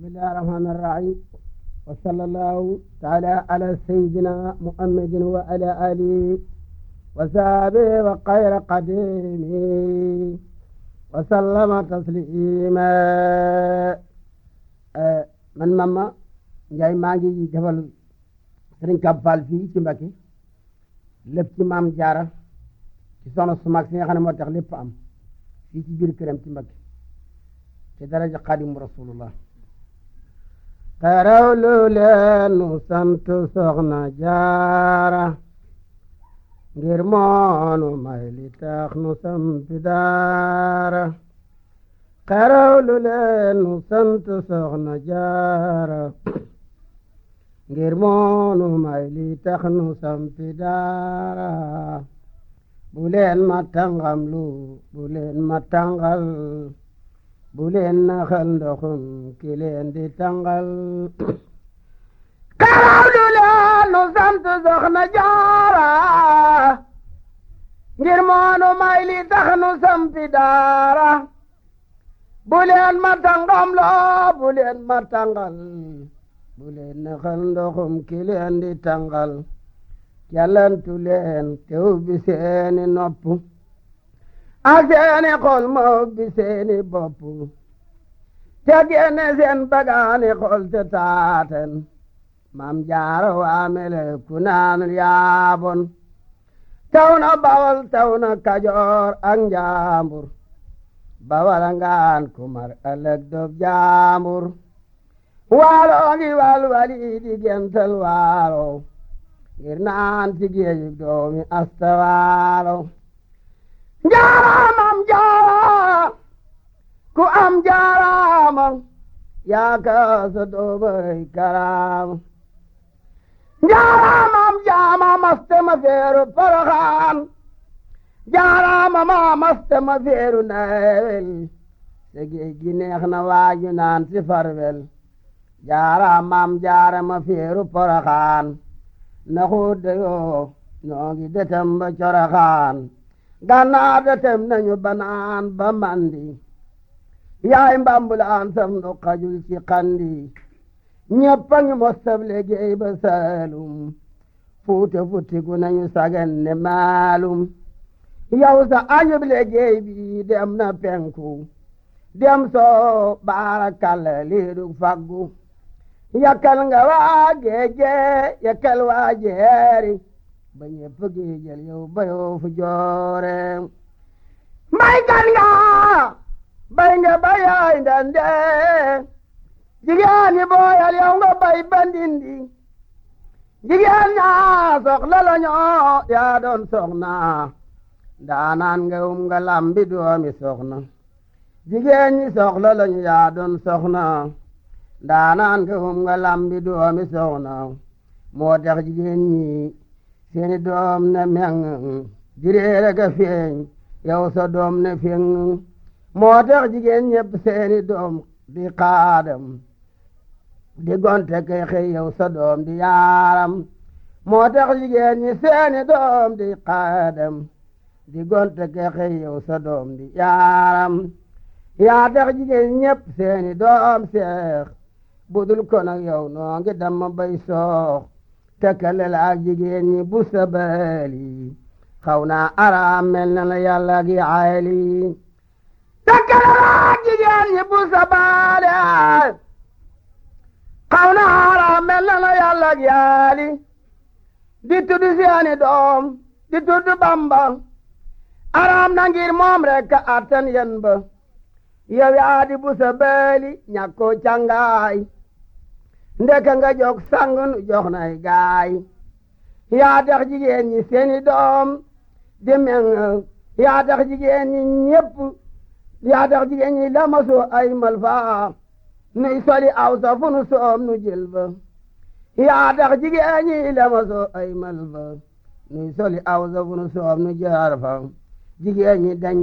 bismillahi rahmaani rahim wa sallallahu taala ala sayyidina muhammadin wa ala alihi wa sahbihi wa xayra qadimi wa sallama taslima eh, man mama Njaay maa ngi defal sëriñ Kab Fall fii ci Mbakke lépp ci maam jaara ci soxna su mag si nga xam ne moo tax lépp am fii ci biir këram ci Mbakke te daraja xaadimu rasulullah tarawlu leenu sant soxna jaara ngir moonu may li tax nu sampi daara tarawlu leenu sant soxna jaara ngir moonu may li tax nu sampi daara bu leen ma tàngam lu bu leen ma tàngal bu naxal ndoxum ki di tàngal karaw du leen nu sant soxna jaara ngir moonu may tax nu sampi daara bu leen ma loo bu leen ma tàngal naxal ndoxum ki di tàngal jalantu leen tew bi seeni ak seeni xol ma ubbi seeni bopp te génne seen bagaani xol te taaten mam jaaro waamele ku naan yaabon taw na bawal kajoor ak njaambur bawal ngaan kumar ëllëg dob jaambur waaloo ngi wal wali di gental waalo ngir naan ci géejug doomi asta waalo jaaraamam jaaraam ku am jaaraamam yaa kaasa doobaray karaama jaaraamam jaama maste ma feeru poroxaan jaaraamama maste ma feeru naewel se gi neex na waaju naan si farwel jaaraamam jaara ma feeru poroxaan na xuut de yoo noo ngi detam ba gana de tem nañu banaan ba mandi yaay mbambulaan sam nu xajul ci xandi ñëpp a ngi mostab liggéey ba saalum fuute futtiku nañu sagen ne maalum yow sa añub liggéey bi dem na penku dem soo baara kàlla liidug faggu yakkal nga waa geeje yakkal waa jeeri ba ñëpp gi jël yow ba fu joore mbay gan nga bay nga bayaay ndande jigéen ñi booyal yow nga bay bandindi jigéen ña soxla la ñoo yaa doon soxna daanaan nga um nga lambi doomi soxna jigéen ñi soxla la ñu yaa doon soxna daanaan nga um nga lambi doomi soxna moo tax jigéen ñi seeni doom ne meng jiréer a feeñ yow sa doom ne feng moo tax jigéen ñépp seeni doom di xaadam di gonte kay xëy yow sa doom di yaaram moo tax jigéen ñi seeni doom di xaadam di gonte kay xëy yow sa doom di yaaram yaa tax jigéen ñépp seeni doom seex budul ko nag yow dama bay soox te kalal ak jigéen ñi bu sabali xaw naa araam mel na la yàlla gi aali te kalal ak jigéen ñi bu sabali xaw naa araam mel na la yàlla gi aali di tudd seeni doom di tudd bamba araam na ngir moom rekk attan yen ba yow yaa di bu sabali ñàkkoo cangaay ndeke nga jog sang nu jox nay gaay yaa tax jigéen ñi seeni doom di meng yaa jigéen ñi ñépp yaa tax jigéen ñi lamasu ay malfa nuy soli aw sa fu nu soom nu jël ba yaa tax jigéen ñi lamasu ay malfa nuy soli aw sa soom nu jaar fa jigéen ñi dañ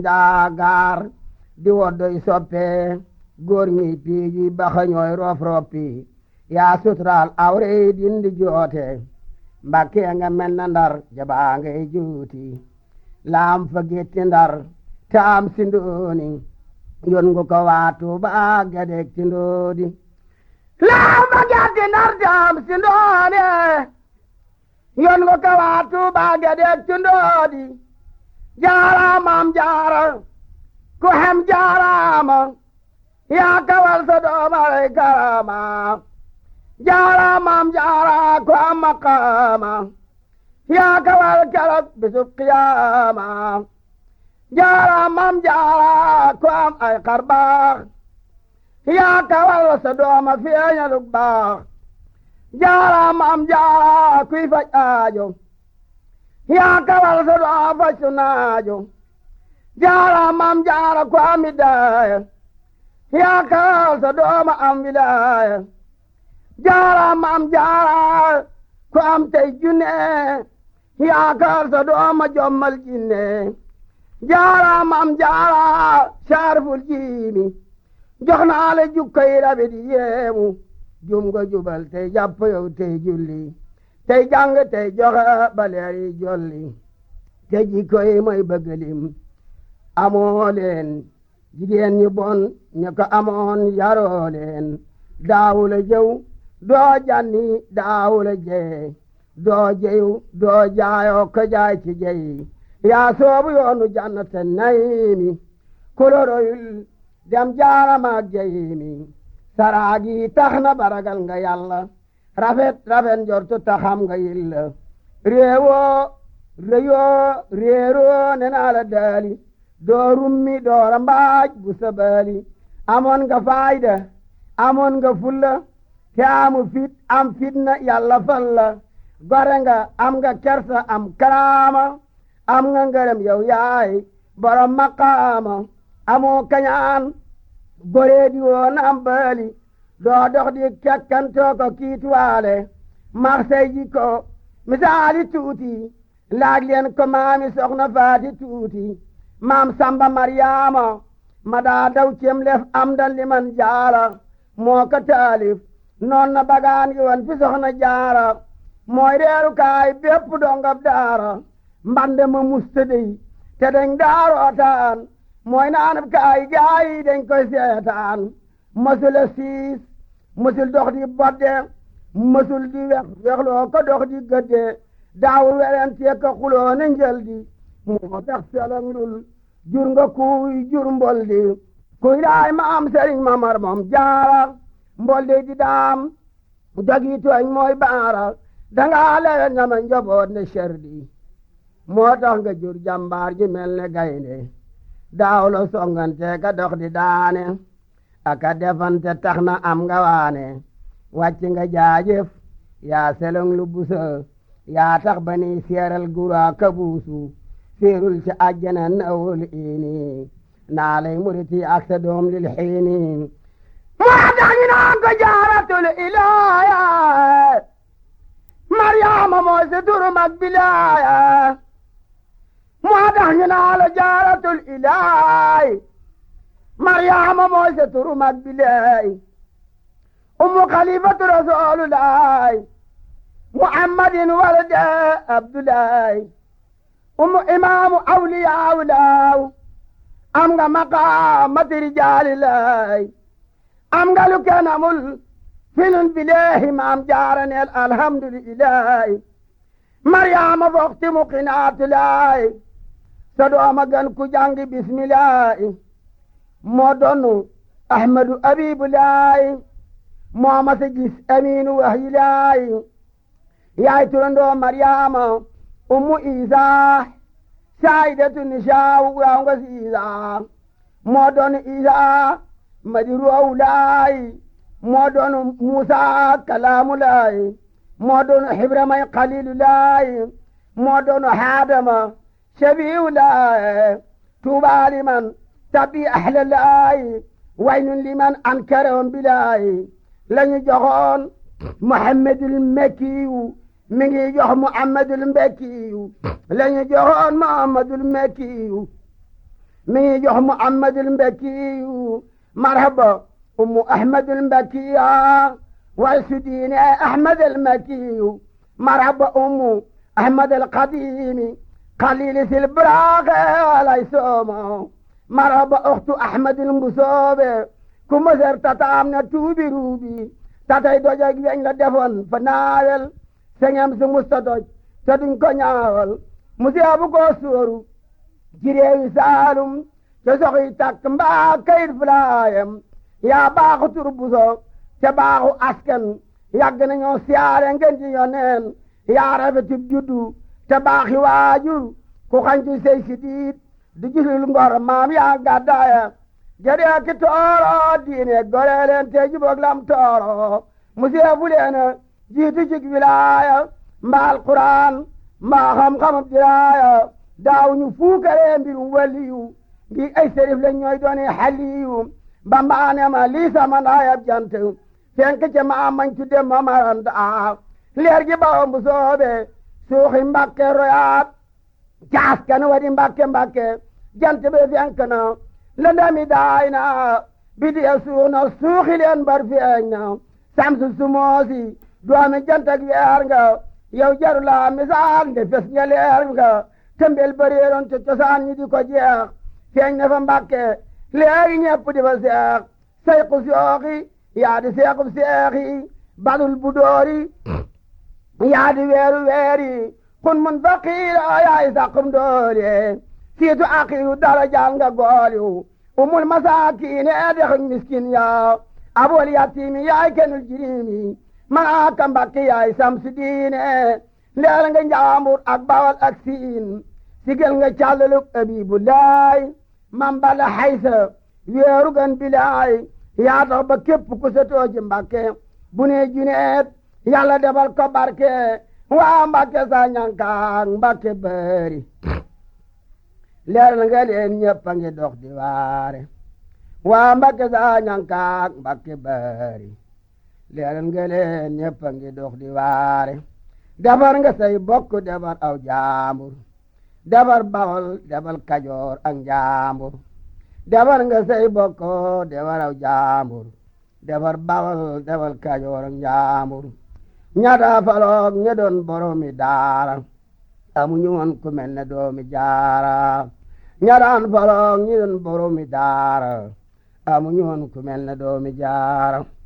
gaar di woddoy soppe góor ñi pii ji baxa ñooy rof yaa suturaal awre yi dindi joote mbakke nga mel na ndar jabaa ngay juuti laam fa gétti ndar te am si ndooni yon ngu ko waa tuuba gedek ci ndoodi laam fa gétti ndar te am si ndooni yon ngu ko waa tuuba gedek ci ndoodi jaaraamam jaara ku hem jaaraama yaa kawal sa doomaray karama jaara maam jaara ku am maqaama yaa ka wal keroog bisub qiyaama jaara maam jaara ku am ay xarbaax yaa ka wal sa dooma feeñalug baax jaara maam jaara kuy faj aajo yaa ka wal sa dooma faj su naajo jaara maam jaara ku am widaaya yaa ka wal sa dooma am widaaya jaara maam jaara ku am tey junne yaakaar sa dooma jommal jinne jaara maam jaara saarful jiimi jox naa la jukkay rabit yeemu jum ko jubal tey jàpp yow tey julli tey jàng tey joxe baleer jolli te jikkoy mooy bëggalim amoo leen jigéen bon ñu ko amoon yaroo leen doo janni daawula jeey doo jeyu doo jaayoo ko jaay ci jeyi yaa soobu yoonu jannata nayimi koloroyul dem jaaramaak jeyimi saraagi tax na baragal nga yàlla rafet rafet njortu taxam nga yilla réewoo réyoo réeroo ne naa doo rummi doora mbaaj bu sabaali amoon nga faayda amoon nga fulla te fit am fitna yàlla fal la nga am nga kersa am karaama am nga ngërëm yow yaay borom maqaama amoo kañaan goree woon am bali doo dox di kekkantoo ko kiituwaale marché ji misaali tuuti laaj leen ko maami soxna faati tuuti maam samba mariyaama ma daa daw cem lef am da liman jaara moo ko taalif noon na bagaan gi woon fi soxna jaara mooy reerukaay bépp dongab mbande ma musta te dañ daarootaan mooy naanab kaay gaa yi koy seetaan mësula siis mësul dox di bodde mësul di wex wexloo ko dox di gëdde daawul werentee ka xuloo na njël di moo tax jur nga kuuy jur mbol di kuy daay ma am sëriñ mamar moom mbool dey di daam bu jogi tooñ mooy baara danga lewe na ma njaboot ne sherdi moo tax nga jur jàmbaar ji mel ne gaynde daaw la songante ka dox di daane aka defante tax na am nga waane wàcc nga jaajëf yaa selong lu busa yaa tax ba ni seeral ka buusu séerul ci àjjana nawul iini naa lay muriti ak doom lil xiini maanta jaaratul ilaaya maryaama mooy si turu mag bilaaya moo tax ñu naa la jaaratul ilaay maryaama mooy si turu mag bilaay ummu xalifatu rasuululaay muhammadin walde abdulaay ummu imaamu awliyaawulaaw am nga maqaamati rijaalilaay am nga lu kenn amul bileehi maam jaaraneel alhamdulilahi maryaama foxti muqinaatulaayi sa dooma gan ku jàngi bismilaayi moo donnu ahmadu abibulaayi moo ma si gis amiinu wahilaayi yaay turandoo maryaama ummu isaa saayidatu nishaawu waaw nga si isaa moo donnu isaa madiru awlaay moo doon Muusa kalaamulaay moo doon xibra may xalilulaay moo doon haadama shabiulaay tuubaa liman tabbi ahlalaay waynun liman ankarahum bilaay lañu joxoon Muhammadul Mekkiyu mi ngi jox Muhammadul Mekkiyu lañu joxoon Muhammadul Mekkiyu mi ngi jox Muhammadul Mekkiyu مرحبا أم أحمد المكية وعز دين أحمد المكي مرحبا أم أحمد القديم قليل في البراغ لا يسومه مرحبا أخت أحمد المصابة كما زرت تامنا توبي روبي tatay dojak bi añ la defoon fa naawel sañam su musta doj te duñ ko ñaawal musiyaa bu ko sóoru ci réewi saalum te soxi takk mbaa kayit fulaayam yaa baaxu tur buso te baaxu askan yàgg siyaare ngeen ci yoneen yaa rafetub juddu te baaxi waajur ku xañtu sey sidiit di gisul ngor maam yaa gàddaaya gedee ki tooro diine goree te jubóog lam tooro musee fuleena jiitu cig wilaaya mbaal quraan mbaa xam-xamub diraaya ñu fuukaree mbirum waliyu ngi ay sërif lañ ñooy doone xaliyu bamba ne ma naayab jant fenk ca ma mañ tudde ma maranda leer gi bawam bu soobe suuxi mbàkke royaat caas kan wadi mbàkke mbàkke jant be fenk na lëndami daay bi di suux na suuxi leen bar feeñ na sumoosi doomi jant ak weer nga yow jarula misaal nde fes nga nga tembel bëreeroon te cosaan ñi di ko jeex feeñ na fa mbàkke léegi ñëpp di fa seex sayqu sooxi yaa di seexub seexi balul bu doori yaa weeru weeri kun mun faqiira yaay saqum doole siitu aqiru darajal nga gooliw umul masaakiine e miskin yaa abol yatiimi yaay kenul jiriimi man aka mbàkke yaay samsu diine leel nga njaambur ak bawal ak siin sigel nga càllaluk abibu laay man bala xaysa weeru gan bilaay yaa tax ba képp ku setoo ji mbàkke bu ne juneet yàlla barke waa mbàkke saa ñankaak mbàkke bëri leer na nga leen ñëpp di waare waa mbàkke saa ñankaak mbàkke bëri leer nga leen ñëpp a di waare defar nga say bokk defar aw jaambur defar bawol defal kajoor ak njaambur defar nga say bokko defar aw jaambur defar bawol defal kajoor ak njaambur ñaata faloog ñe doon daara amuñu woon ku mel ne doomi jaara ñaata faloog ñe doon daara amuñu woon ku mel doomi jaara